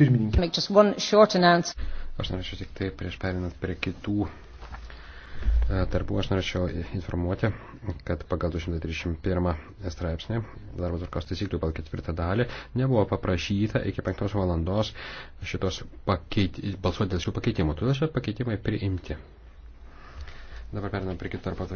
Pirmininkė. Aš norėčiau tik tai prieš perinant prie kitų e, darbų, aš norėčiau informuoti, kad pagal 231 straipsnį darbo tvarkos taisyklių pagal ketvirtą dalį nebuvo paprašyta iki 5 valandos šitos pakeit... balsuoti dėl šių pakeitimų. Todėl šie pakeitimai priimti. Dabar perinam prie kito darbo